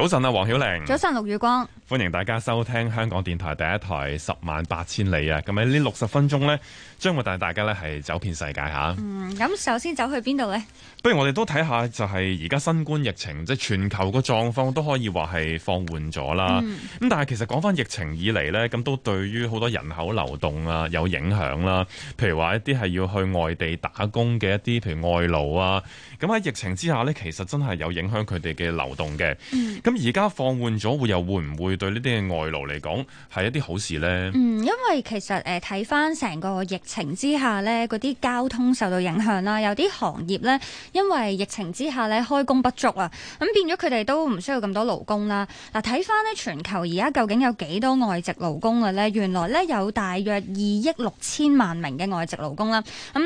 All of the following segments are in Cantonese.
早晨啊，黃曉玲。早晨，陸宇光。歡迎大家收聽香港電台第一台《十萬八千里》啊！咁喺呢六十分鐘咧，將會帶大家咧係走遍世界吓。嗯，咁首先走去邊度咧？不如我哋都睇下，就係而家新冠疫情，即係全球個狀況都可以話係放緩咗啦。咁、嗯、但係其實講翻疫情以嚟咧，咁都對於好多人口流動啊有影響啦。譬如話一啲係要去外地打工嘅一啲譬如外勞啊，咁喺疫情之下咧，其實真係有影響佢哋嘅流動嘅。嗯。咁而家放緩咗，會又會唔會對呢啲嘅外勞嚟講係一啲好事呢？嗯，因為其實誒睇翻成個疫情之下呢，嗰啲交通受到影響啦，有啲行業呢，因為疫情之下呢，開工不足啊，咁變咗佢哋都唔需要咁多勞工啦。嗱，睇翻呢，全球而家究竟有幾多外籍勞工嘅呢？原來呢，有大約二億六千萬名嘅外籍勞工啦。咁、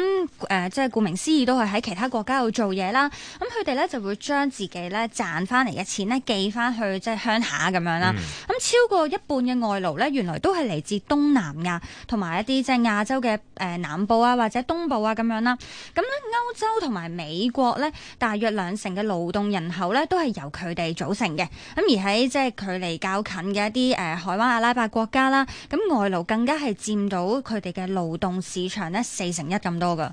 呃、誒，即係顧名思義都係喺其他國家度做嘢啦。咁佢哋呢就會將自己呢賺翻嚟嘅錢呢寄翻去即係鄉下咁樣啦，咁、嗯、超過一半嘅外勞呢，原來都係嚟自東南亞同埋一啲即係亞洲嘅誒南部啊或者東部啊咁樣啦。咁呢歐洲同埋美國呢，大約兩成嘅勞動人口呢都係由佢哋組成嘅。咁而喺即係距離較近嘅一啲誒、呃、海灣阿拉伯國家啦，咁外勞更加係佔到佢哋嘅勞動市場呢四成一咁多㗎。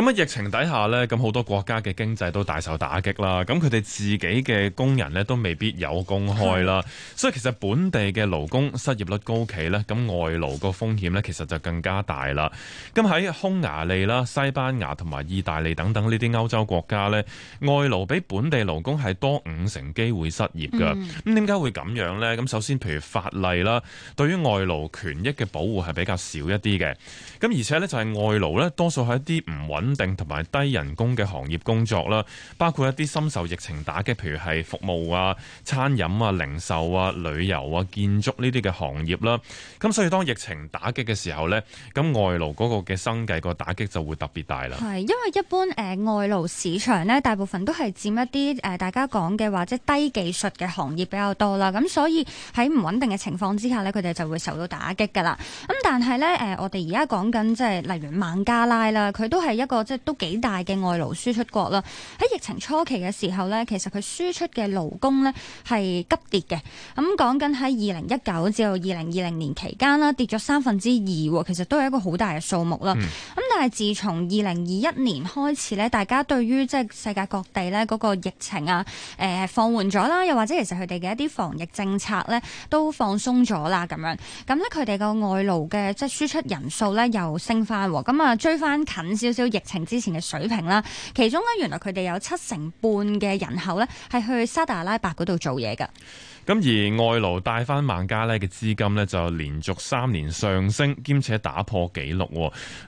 咁啊！疫情底下咧，咁好多國家嘅經濟都大受打擊啦。咁佢哋自己嘅工人咧，都未必有工開啦。嗯、所以其實本地嘅勞工失業率高企，咧，咁外勞個風險咧，其實就更加大啦。咁喺匈牙利啦、西班牙同埋意大利等等呢啲歐洲國家咧，外勞比本地勞工係多五成機會失業嘅。咁點解會咁樣咧？咁首先，譬如法例啦，對於外勞權益嘅保護係比較少一啲嘅。咁而且咧，就係外勞咧，多數係一啲唔穩。定同埋低人工嘅行業工作啦，包括一啲深受疫情打擊，譬如係服務啊、餐飲啊、零售啊、旅遊啊、建築呢啲嘅行業啦。咁、嗯、所以當疫情打擊嘅時候咧，咁、嗯、外勞嗰個嘅生計個打擊就會特別大啦。係因為一般誒、呃、外勞市場咧，大部分都係佔一啲誒、呃、大家講嘅或者低技術嘅行業比較多啦。咁、嗯、所以喺唔穩定嘅情況之下咧，佢哋就會受到打擊噶啦。咁、嗯、但係咧誒，我哋而家講緊即係例如孟加拉啦，佢都係一個即係都幾大嘅外勞輸出國啦。喺疫情初期嘅時候咧，其實佢輸出嘅勞工咧係急跌嘅。咁講緊喺二零一九至到二零二零年期間啦，跌咗三分之二，其實都係一個好大嘅數目啦。嗯係自從二零二一年開始咧，大家對於即係世界各地咧嗰個疫情啊，誒、呃、放緩咗啦，又或者其實佢哋嘅一啲防疫政策咧都放鬆咗啦，咁樣，咁咧佢哋個外勞嘅即係輸出人數咧又升翻，咁啊追翻近少少疫情之前嘅水平啦。其中咧原來佢哋有七成半嘅人口咧係去沙特阿拉伯嗰度做嘢噶。咁而外勞帶翻孟加拉嘅資金呢，就連續三年上升，兼且打破紀錄。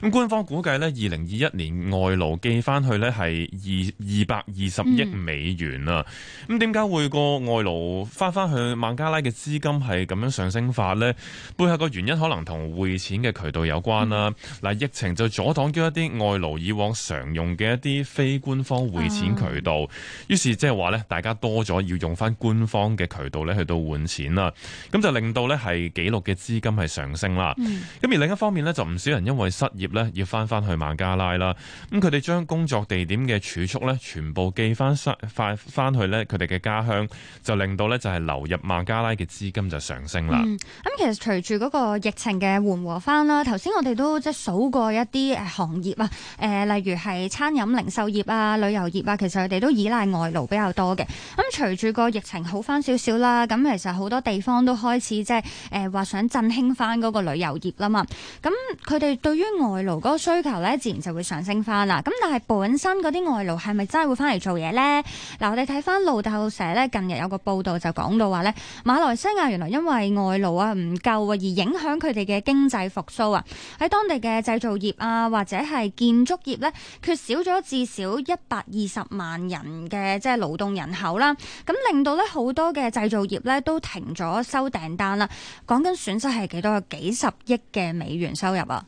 咁官方估計呢，二零二一年外勞寄翻去呢係二二百二十億美元啦。咁點解會個外勞翻翻去孟加拉嘅資金係咁樣上升法呢？背後個原因可能同匯錢嘅渠道有關啦。嗱，疫情就阻擋咗一啲外勞以往常用嘅一啲非官方匯錢渠道，於是即係話呢，大家多咗要用翻官方嘅渠道咧。去到換錢啦，咁就令到呢係紀錄嘅資金係上升啦。咁、嗯、而另一方面呢，就唔少人因為失業呢，要翻翻去孟加拉啦。咁佢哋將工作地點嘅儲蓄呢，全部寄翻翻翻去呢佢哋嘅家鄉，就令到呢就係流入孟加拉嘅資金就上升啦。咁、嗯、其實隨住嗰個疫情嘅緩和翻啦，頭先我哋都即係數過一啲行業啊，誒、呃、例如係餐飲零售業啊、旅遊業啊，其實佢哋都依賴外勞比較多嘅。咁隨住個疫情好翻少少啦。咁其實好多地方都開始即係誒話想振興翻嗰個旅遊業啦嘛，咁佢哋對於外勞嗰個需求咧，自然就會上升翻啦。咁但係本身嗰啲外勞係咪真係會翻嚟做嘢咧？嗱，我哋睇翻路透社咧，近日有個報導就講到話咧，馬來西亞原來因為外勞啊唔夠啊，而影響佢哋嘅經濟復甦啊，喺當地嘅製造業啊或者係建築業咧，缺少咗至少一百二十萬人嘅即係勞動人口啦、啊，咁令到咧好多嘅製造。物業咧都停咗收訂單啦，講緊損失係幾多？有幾十億嘅美元收入啊！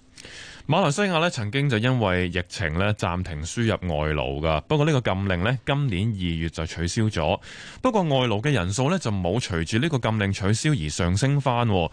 馬來西亞呢曾經就因為疫情呢暫停輸入外勞㗎，不過呢個禁令呢今年二月就取消咗。不過外勞嘅人數呢就冇隨住呢個禁令取消而上升返。咁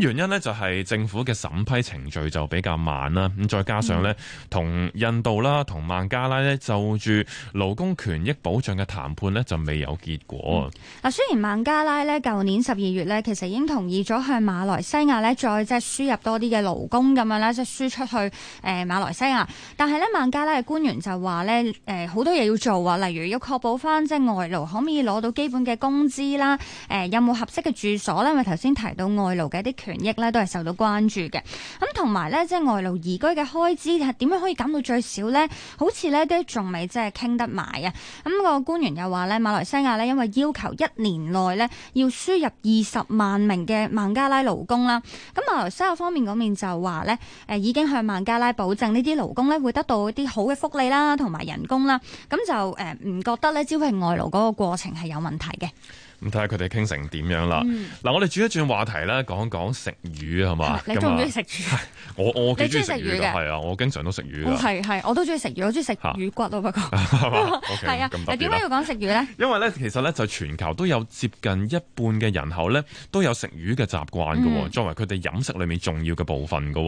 原因呢，就係政府嘅審批程序就比較慢啦。咁再加上呢，同印度啦、同孟加拉呢就住勞工權益保障嘅談判呢，就未有結果。嗱、嗯，雖然孟加拉呢，舊年十二月呢，其實已經同意咗向馬來西亞呢再即係輸入多啲嘅勞工咁樣啦。即係輸出。去誒、呃、馬來西亞，但係咧孟加拉嘅官員就話咧誒好多嘢要做啊，例如要確保翻即係外勞可唔可以攞到基本嘅工資啦、啊，誒、呃、有冇合適嘅住所咧？因為頭先提到外勞嘅一啲權益咧都係受到關注嘅。咁同埋咧即係外勞移居嘅開支係點樣可以減到最少咧？好似咧都仲未即係傾得埋啊！咁、嗯，那個官員又話咧馬來西亞咧因為要求一年內咧要輸入二十萬名嘅孟加拉勞工啦、啊，咁馬來西亞方面嗰邊就話咧誒已經向孟加拉保證呢啲勞工咧會得到一啲好嘅福利啦，同埋人工啦，咁就誒唔覺得咧招聘外勞嗰個過程係有問題嘅。睇下佢哋傾成點樣啦。嗱、嗯，我哋轉一轉話題咧，講講食魚係嘛？你中唔中意食魚？我我幾中意食魚嘅，係的啊！我經常都食魚。係係、oh，我都中意食魚，我中意食魚骨咯，啊、不過係啊。你點解要講食魚咧？因為咧，其實咧就全球都有接近一半嘅人口咧都有食魚嘅習慣㗎，嗯、作為佢哋飲食裏面重要嘅部分㗎。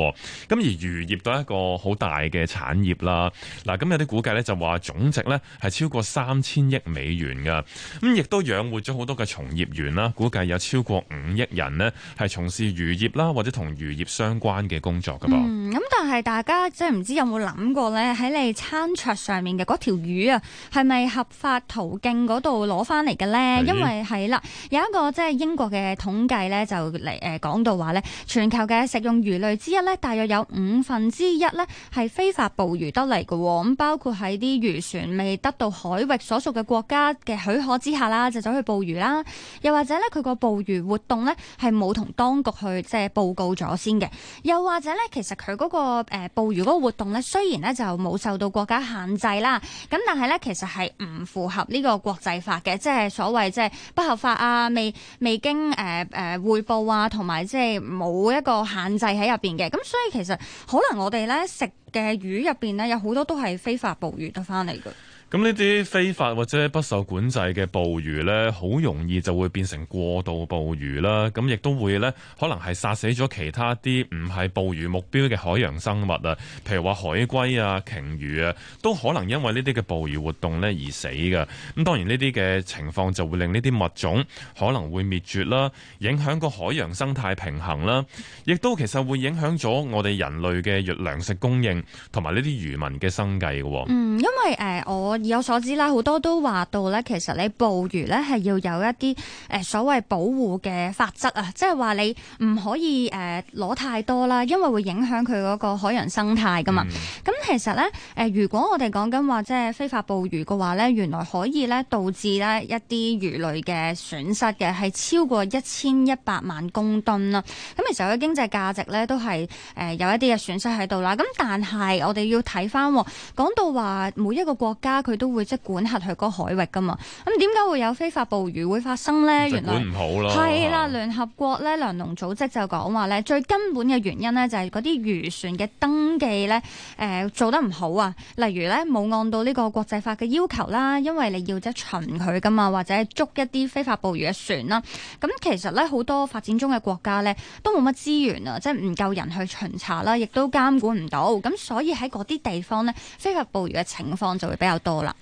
咁而漁業都係一個好大嘅產業啦。嗱，咁有啲估計咧就話總值咧係超過三千億美元㗎。咁亦都養活咗好多嘅。從業員啦，估計有超過五億人咧，係從事漁業啦，或者同漁業相關嘅工作噶噃。嗯，咁但係大家即係唔知有冇諗過咧，喺你餐桌上面嘅嗰條魚啊，係咪合法途徑嗰度攞翻嚟嘅咧？是因為係啦，有一個即係英國嘅統計咧，就嚟誒、呃、講到話咧，全球嘅食用魚類之一咧，大約有五分之一咧係非法捕魚得嚟嘅。咁包括喺啲漁船未得到海域所屬嘅國家嘅許可之下啦，就走去捕魚啦。又或者咧，佢個捕魚活動咧係冇同當局去即係、就是、報告咗先嘅。又或者咧，其實佢嗰、那個誒、呃、捕魚嗰個活動咧，雖然咧就冇受到國家限制啦，咁但係咧其實係唔符合呢個國際法嘅，即、就、係、是、所謂即係不合法啊，未未經誒誒匯報啊，同埋即係冇一個限制喺入邊嘅。咁所以其實可能我哋咧食嘅魚入邊咧，有好多都係非法捕魚得返嚟嘅。咁呢啲非法或者不受管制嘅捕魚呢，好容易就會變成過度捕魚啦。咁亦都會呢，可能係殺死咗其他啲唔係捕魚目標嘅海洋生物啊，譬如話海龜啊、鯨魚啊，都可能因為呢啲嘅捕魚活動呢而死嘅。咁當然呢啲嘅情況就會令呢啲物種可能會滅絕啦，影響個海洋生態平衡啦，亦都其實會影響咗我哋人類嘅糧食供應同埋呢啲漁民嘅生計嘅。嗯，因為誒、呃、我。以我所知啦，好多都話到咧，其實你捕魚咧係要有一啲誒、呃、所謂保護嘅法則啊，即係話你唔可以誒攞、呃、太多啦，因為會影響佢嗰個海洋生態噶嘛。咁、嗯、其實咧誒、呃、如果我哋講緊話即係非法捕魚嘅話咧，原來可以咧導致咧一啲魚類嘅損失嘅，係超過一千一百萬公噸啦。咁其實佢經濟價值咧都係誒、呃、有一啲嘅損失喺度啦。咁但係我哋要睇翻講到話每一個國家。佢都會即管轄佢個海域噶嘛？咁點解會有非法捕魚會發生呢？ 原來係啦， 聯合國咧，糧農組織就講話咧，最根本嘅原因咧就係嗰啲漁船嘅登記咧，誒、呃、做得唔好啊。例如咧，冇按到呢個國際法嘅要求啦，因為你要即係巡佢噶嘛，或者捉一啲非法捕魚嘅船啦。咁其實咧，好多發展中嘅國家咧都冇乜資源啊，即係唔夠人去巡查啦，亦都監管唔到。咁所以喺嗰啲地方咧，非法捕魚嘅情況就會比較多。好啦，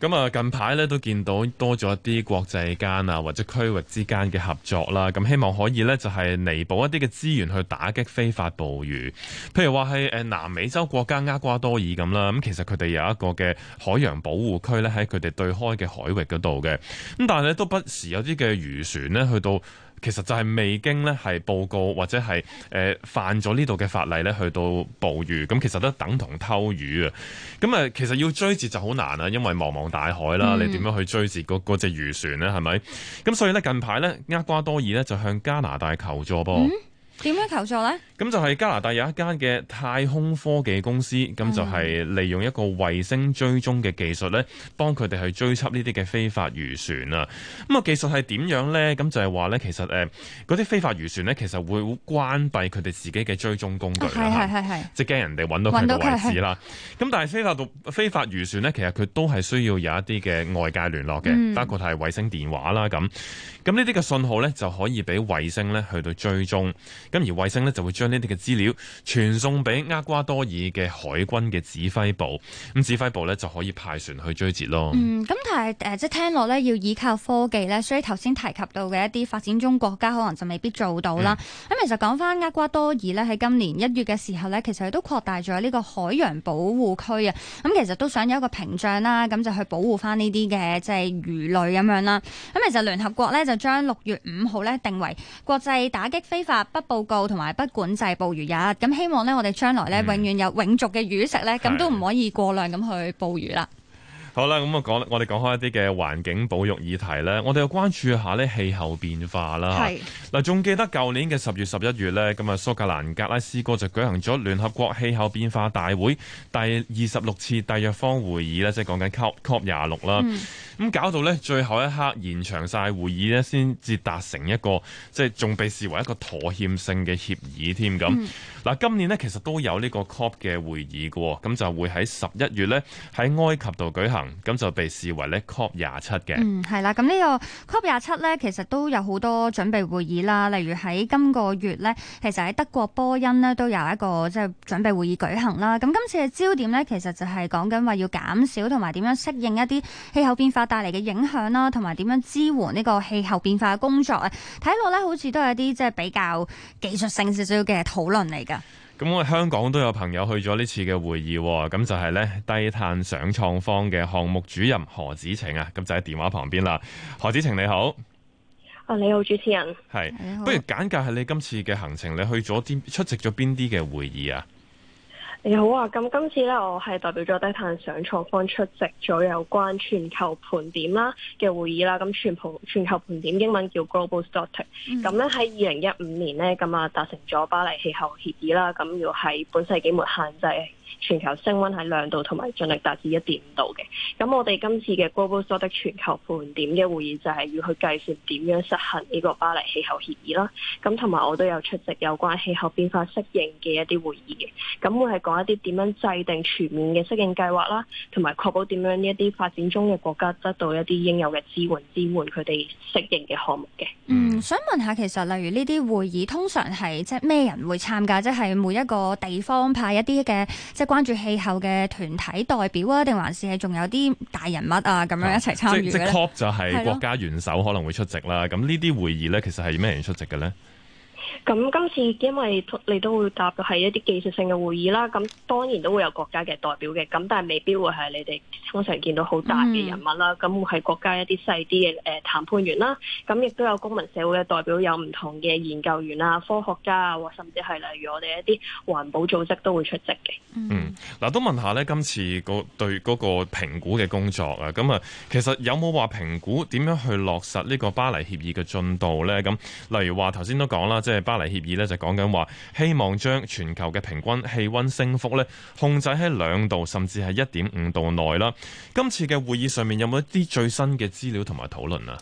咁啊近排咧都見到多咗一啲國際間啊或者區域之間嘅合作啦，咁希望可以咧就係彌補一啲嘅資源去打擊非法捕魚，譬如話係誒南美洲國家厄瓜多爾咁啦，咁其實佢哋有一個嘅海洋保護區咧喺佢哋對開嘅海域嗰度嘅，咁但係咧都不時有啲嘅漁船咧去到。其實就係未經咧係報告或者係誒、呃、犯咗呢度嘅法例咧去到捕魚，咁其實都等同偷魚啊！咁啊，其實要追截就好難啦，因為茫茫大海啦，你點樣去追截嗰嗰隻漁船咧？係咪？咁所以咧近排咧厄瓜多爾咧就向加拿大求助噃。嗯點樣求助呢？咁就係加拿大有一間嘅太空科技公司，咁就係利用一個衛星追蹤嘅技術咧，幫佢哋去追緝呢啲嘅非法漁船啊！咁啊，技術係點樣呢？咁就係話呢，其實誒，嗰啲非法漁船呢，其實會關閉佢哋自己嘅追蹤工具啦，係係係，即係驚人哋揾到佢嘅位置啦。咁但係非法度非法漁船呢，其實佢都係需要有一啲嘅外界聯絡嘅，嗯、包括係衛星電話啦，咁咁呢啲嘅信號呢，就可以俾衛星呢去到追蹤。咁而衛星呢，就會將呢啲嘅資料傳送俾厄瓜多爾嘅海軍嘅指揮部，咁指揮部呢，就可以派船去追截咯。嗯，咁但係誒、呃，即係聽落呢，要依靠科技呢，所以頭先提及到嘅一啲發展中國家可能就未必做到啦。咁、嗯啊、其實講翻厄瓜多爾呢，喺今年一月嘅時候呢，其實佢都擴大咗呢個海洋保護區啊。咁其實都想有一個屏障啦，咁、啊、就去保護翻呢啲嘅即係魚類咁樣啦。咁、啊、其實聯合國呢，就將六月五號呢，定為國際打擊非法不報報告同埋不管制捕魚日，咁希望呢，我哋將來呢，永遠有永續嘅魚食呢，咁、嗯、都唔可以過量咁去捕魚啦。好啦，咁啊講，我哋講開一啲嘅環境保育議題呢，我哋又關注下呢氣候變化啦。係嗱是，仲記得舊年嘅十月十一月呢，咁啊蘇格蘭格拉斯哥就舉行咗聯合國氣候變化大會第二十六次締約方會議呢，即、就、係、是、講緊 COP COP 廿六啦。嗯咁搞到咧，最後一刻延長晒會議咧，先至達成一個即係仲被視為一個妥協性嘅協議添咁。嗱、嗯，今年咧其實都有呢個 COP 嘅會議嘅，咁就會喺十一月咧喺埃及度舉行，咁就被視為咧 COP 廿七嘅。係啦、嗯，咁呢個 COP 廿七咧，其實都有好多準備會議啦，例如喺今個月咧，其實喺德國波恩咧都有一個即係準備會議舉行啦。咁今次嘅焦點咧，其實就係講緊話要減少同埋點樣適應一啲氣候變化。帶嚟嘅影響啦，同埋點樣支援呢個氣候變化嘅工作咧？睇落咧，好似都係一啲即係比較技術性少少嘅討論嚟㗎。咁我香港都有朋友去咗呢次嘅會議，咁就係咧低碳想創坊嘅項目主任何紫晴啊，咁就喺電話旁邊啦。何紫晴你好，啊你好主持人，係主持人，不如簡介下你今次嘅行程，你去咗啲出席咗邊啲嘅會議啊？你好啊，咁今次咧，我係代表咗低碳想創坊出席咗有關全球盤點啦嘅會議啦。咁全，全球全球盤點英文叫 Global Stocktake。咁咧喺二零一五年咧，咁啊達成咗巴黎氣候協議啦。咁要喺本世紀末限制。全球升溫喺兩度，同埋盡力達至一點五度嘅。咁我哋今次嘅 Global Stocktake 全球盤點嘅會議就係要去計算點樣實行呢個巴黎氣候協議啦。咁同埋我都有出席有關氣候變化適應嘅一啲會議嘅。咁會係講一啲點樣制定全面嘅適應計劃啦，同埋確保點樣呢一啲發展中嘅國家得到一啲應有嘅支援，支援佢哋適應嘅項目嘅。嗯，想問下其實例如呢啲會議通常係即係咩人會參加？即係每一個地方派一啲嘅。即係關注氣候嘅團體代表啊，定還是係仲有啲大人物啊，咁樣一齊參與、啊、即係 top 就係國家元首可能會出席啦。咁呢啲會議咧，其實係咩人出席嘅咧？咁今次因為你都會答到係一啲技術性嘅會議啦，咁當然都會有國家嘅代表嘅，咁但係未必會係你哋通常見到好大嘅人物啦，咁會係、嗯、國家一啲細啲嘅誒談判員啦，咁亦都有公民社會嘅代表，有唔同嘅研究員啊、科學家啊，或者甚至係例如我哋一啲環保組織都會出席嘅。嗯，嗱都問下呢，今次對個對嗰個評估嘅工作啊，咁啊，其實有冇話評估點樣去落實呢個巴黎協議嘅進度呢？咁例如話頭先都講啦，即係。巴黎協議咧就講緊話，希望將全球嘅平均氣温升幅咧控制喺兩度甚至係一點五度內啦。今次嘅會議上面有冇一啲最新嘅資料同埋討論啊？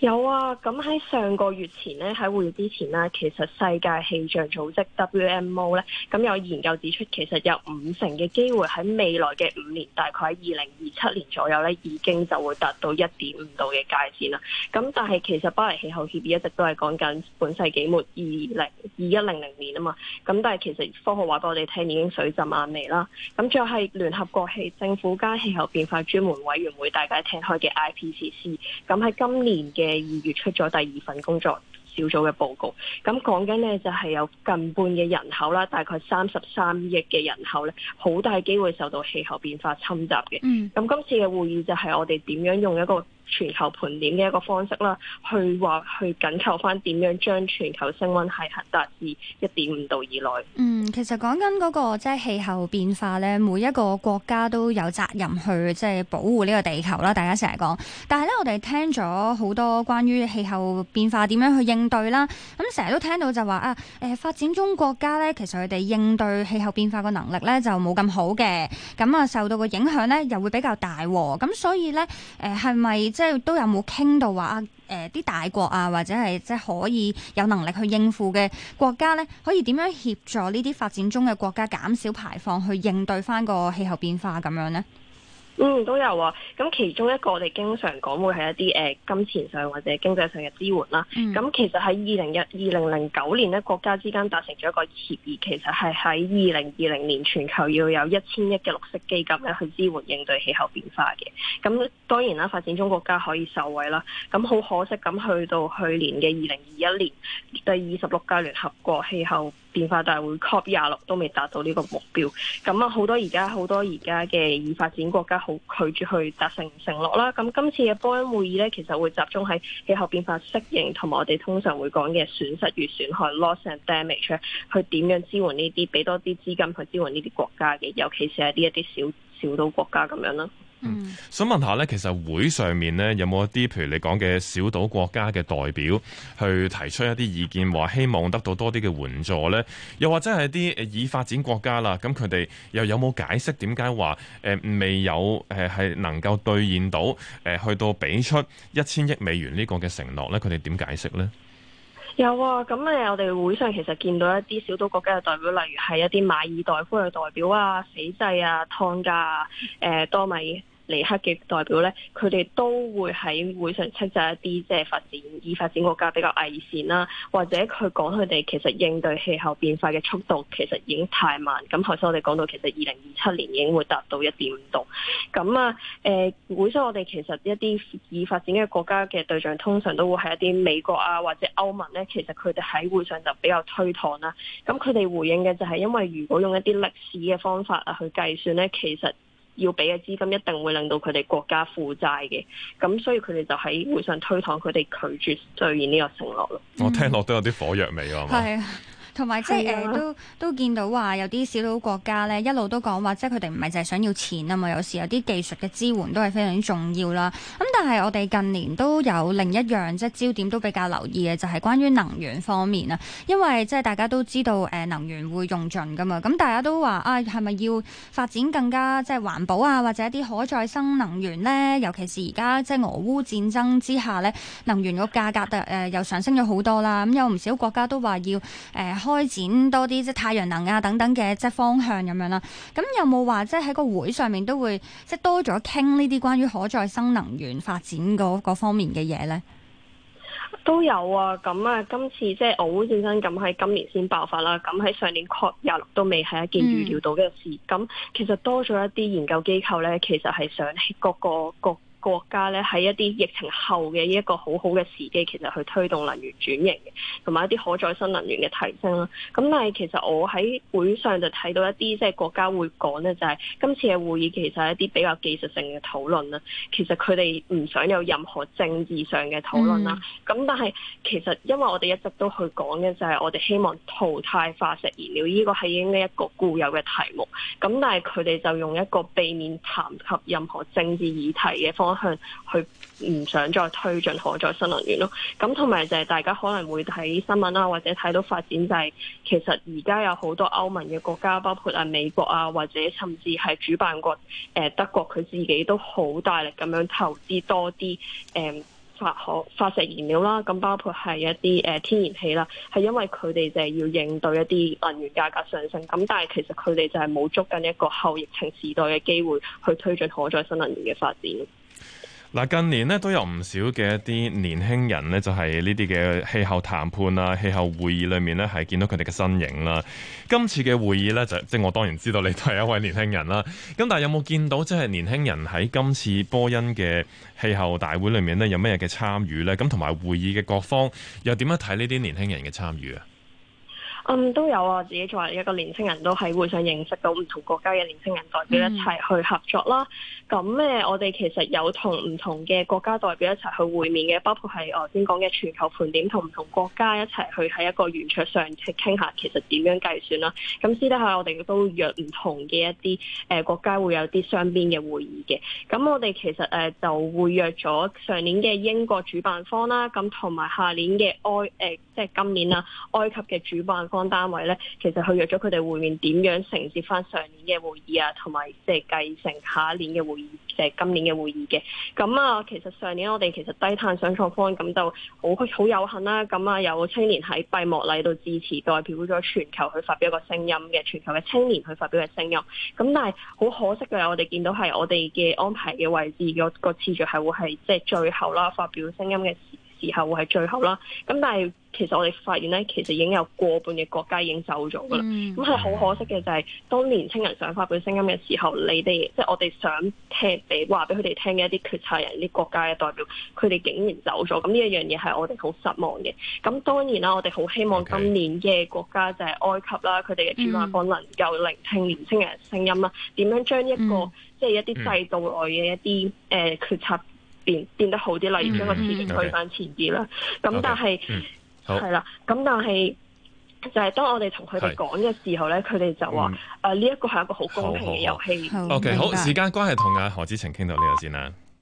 有啊，咁喺上個月前呢，喺會議之前呢，其實世界氣象組織 WMO 呢，咁有研究指出，其實有五成嘅機會喺未來嘅五年，大概喺二零二七年左右呢，已經就會達到一點五度嘅界線啦。咁但係其實巴黎氣候協議一直都係講緊本世紀末二零二一零零年啊嘛。咁但係其實科學話俾我哋聽已經水浸眼眉啦。咁仲係聯合國氣政府間氣候變化專門委員會，大家聽開嘅 IPCC，咁喺今年嘅二月出咗第二份工作小組嘅報告，咁講緊咧就係有近半嘅人口啦，大概三十三億嘅人口咧，好大機會受到氣候變化侵襲嘅。嗯，咁今次嘅會議就係我哋點樣用一個，全球盤點嘅一個方式啦，去話去緊扣翻點樣將全球升温係核達至一點五度以內。嗯，其實講緊嗰個即係氣候變化，呢每一個國家都有責任去即係保護呢個地球啦。大家成日講，但係呢，我哋聽咗好多關於氣候變化點樣去應對啦。咁成日都聽到就話啊，誒發展中國家呢，其實佢哋應對氣候變化個能力呢就冇咁好嘅，咁啊受到個影響呢又會比較大。咁所以呢，誒係咪即係都有冇傾到話啊？誒、呃，啲大國啊，或者係即係可以有能力去應付嘅國家咧，可以點樣協助呢啲發展中嘅國家減少排放，去應對翻個氣候變化咁樣咧？嗯，都有啊。咁其中一個我哋經常講會係一啲誒、呃、金錢上或者經濟上嘅支援啦。咁、嗯、其實喺二零一二零零九年咧，國家之間達成咗一個協議，其實係喺二零二零年全球要有一千億嘅綠色基金咧去支援應對氣候變化嘅。咁當然啦，發展中國家可以受惠啦。咁好可惜，咁去到去年嘅二零二一年，第二十六屆聯合國氣候變化大會 COP 廿六都未達到呢個目標。咁啊，好多而家好多而家嘅已發展國家。好拒絕去達成承諾啦。咁今次嘅波恩會議咧，其實會集中喺氣候變化適應，同埋我哋通常會講嘅損失與損害 （loss and damage） 去點樣支援呢啲，俾多啲資金去支援呢啲國家嘅，尤其是係呢一啲小小島國家咁樣咯。嗯，想問下咧，其實會上面咧有冇一啲譬如你講嘅小島國家嘅代表去提出一啲意見，話希望得到多啲嘅援助咧？又或者係啲誒已發展國家啦，咁佢哋又有冇解釋點解話誒未有誒係、呃、能夠兌現到誒、呃、去到俾出一千億美元呢個嘅承諾咧？佢哋點解釋咧？有啊，咁誒，我哋會上其實見到一啲小島國家嘅代表，例如係一啲馬爾代夫嘅代表啊、斐濟啊、湯加啊、呃、多米。尼克嘅代表呢，佢哋都會喺會上斥責一啲即係發展已發展國家比較危險啦，或者佢講佢哋其實應對氣候變化嘅速度其實已經太慢。咁頭先我哋講到其實二零二七年已經會達到一點五度。咁啊，誒、呃、會所我哋其實一啲已發展嘅國家嘅對象通常都會係一啲美國啊或者歐盟呢，其實佢哋喺會上就比較推搪啦。咁佢哋回應嘅就係因為如果用一啲歷史嘅方法啊去計算呢，其實。要俾嘅資金一定會令到佢哋國家負債嘅，咁所以佢哋就喺會上推搪，佢哋拒絕兌現呢個承諾咯。我、嗯、聽落都有啲火藥味啊！係咪係啊？ 同埋即係誒，都都見到話有啲小島國家咧，一路都講話，即係佢哋唔係淨係想要錢啊嘛。有時有啲技術嘅支援都係非常之重要啦。咁但係我哋近年都有另一樣即係、就是、焦點都比較留意嘅，就係、是、關於能源方面啊。因為即係大家都知道誒、呃、能源會用盡噶嘛。咁大家都話啊，係咪要發展更加即係環保啊，或者一啲可再生能源咧？尤其是而家即係俄烏戰爭之下咧，能源個價格誒、呃、又上升咗好多啦。咁、嗯、有唔少國家都話要誒。呃開展多啲即係太陽能啊等等嘅即係方向咁樣啦，咁有冇話即係喺個會上面都會即係多咗傾呢啲關於可再生能源發展嗰方面嘅嘢呢？都有啊，咁啊，今次即係俄烏戰爭咁喺今年先爆發啦，咁喺上年確廿六都未係一件預料到嘅事，咁、嗯、其實多咗一啲研究機構呢，其實係想各個各。國家咧喺一啲疫情後嘅一個好好嘅時機，其實去推動能源轉型同埋一啲可再生能源嘅提升啦。咁但係其實我喺會上就睇到一啲即係國家會講咧、就係，就係今次嘅會議其實係一啲比較技術性嘅討論啦。其實佢哋唔想有任何政治上嘅討論啦。咁、嗯、但係其實因為我哋一直都去講嘅就係我哋希望淘汰化石燃料，依、呢個係呢一個固有嘅題目。咁但係佢哋就用一個避免談及任何政治議題嘅方式。方向去唔想再推進可再生能源咯。咁同埋就係大家可能會睇新聞啦，或者睇到發展就係其實而家有好多歐盟嘅國家，包括啊美國啊，或者甚至係主辦國誒德國，佢自己都好大力咁樣投資多啲誒發可化石燃料啦，咁包括係一啲誒天然氣啦，係因為佢哋就係要應對一啲能源價格上升，咁但係其實佢哋就係冇捉緊一個後疫情時代嘅機會去推進可再生能源嘅發展。嗱，近年咧都有唔少嘅一啲年輕人咧，就係呢啲嘅氣候談判啊、氣候會議裏面咧，係見到佢哋嘅身影啦。今次嘅會議呢，就是，就即係我當然知道你都係一位年輕人啦。咁但係有冇見到即係年輕人喺今次波恩嘅氣候大會裏面呢，有咩嘢嘅參與呢？咁同埋會議嘅各方又點樣睇呢啲年輕人嘅參與啊？嗯，都有啊！自己作為一個年輕人都喺會上認識到唔同國家嘅年輕人代表一齊去合作啦。咁咩、嗯？我哋其實有同唔同嘅國家代表一齊去會面嘅，包括係我先講嘅全球盤點，同唔同國家一齊去喺一個圓桌上去傾下，其實點樣計算啦。咁私底下我哋都約唔同嘅一啲誒、呃、國家會有啲雙邊嘅會議嘅。咁我哋其實誒、呃、就會約咗上年嘅英國主辦方啦，咁同埋下年嘅埃誒、呃、即係今年啊埃及嘅主辦。方單位咧，其實去約咗佢哋會面，點樣承接翻上年嘅會議啊，同埋即係繼承下一年嘅會議，即係今年嘅會議嘅。咁啊，其實上年我哋其實低碳想創坊咁就好好有幸啦、啊。咁啊，有青年喺閉幕禮度致辭，代表咗全球去發表一個聲音嘅，全球嘅青年去發表嘅聲音。咁但係好可惜嘅，我哋見到係我哋嘅安排嘅位置，個次序係會係即係最後啦，發表聲音嘅時候會係最後啦。咁但係。其實我哋發現咧，其實已經有過半嘅國家已經走咗噶啦。咁係好可惜嘅就係，是，當年青人想發表聲音嘅時候，你哋即係我哋想聽，你話俾佢哋聽嘅一啲決策人，啲，這個，國家嘅代表，佢哋竟然走咗。咁呢一樣嘢係我哋好失望嘅。咁當然啦，啊，我哋好希望今年嘅國家就係埃及啦，佢哋嘅主辦方能夠聆聽年青人聲音啦，點樣將一個即係，嗯、一啲制度內嘅一啲誒，呃、決策變變得好啲，例如將個次序推翻前啲啦。咁但係係啦，咁好但係就係當我哋同佢哋講嘅時候咧，佢哋是就話誒呢一個係一個好公平嘅遊戲。OK，好，時間關係，同阿何紫晴傾到呢度先啦。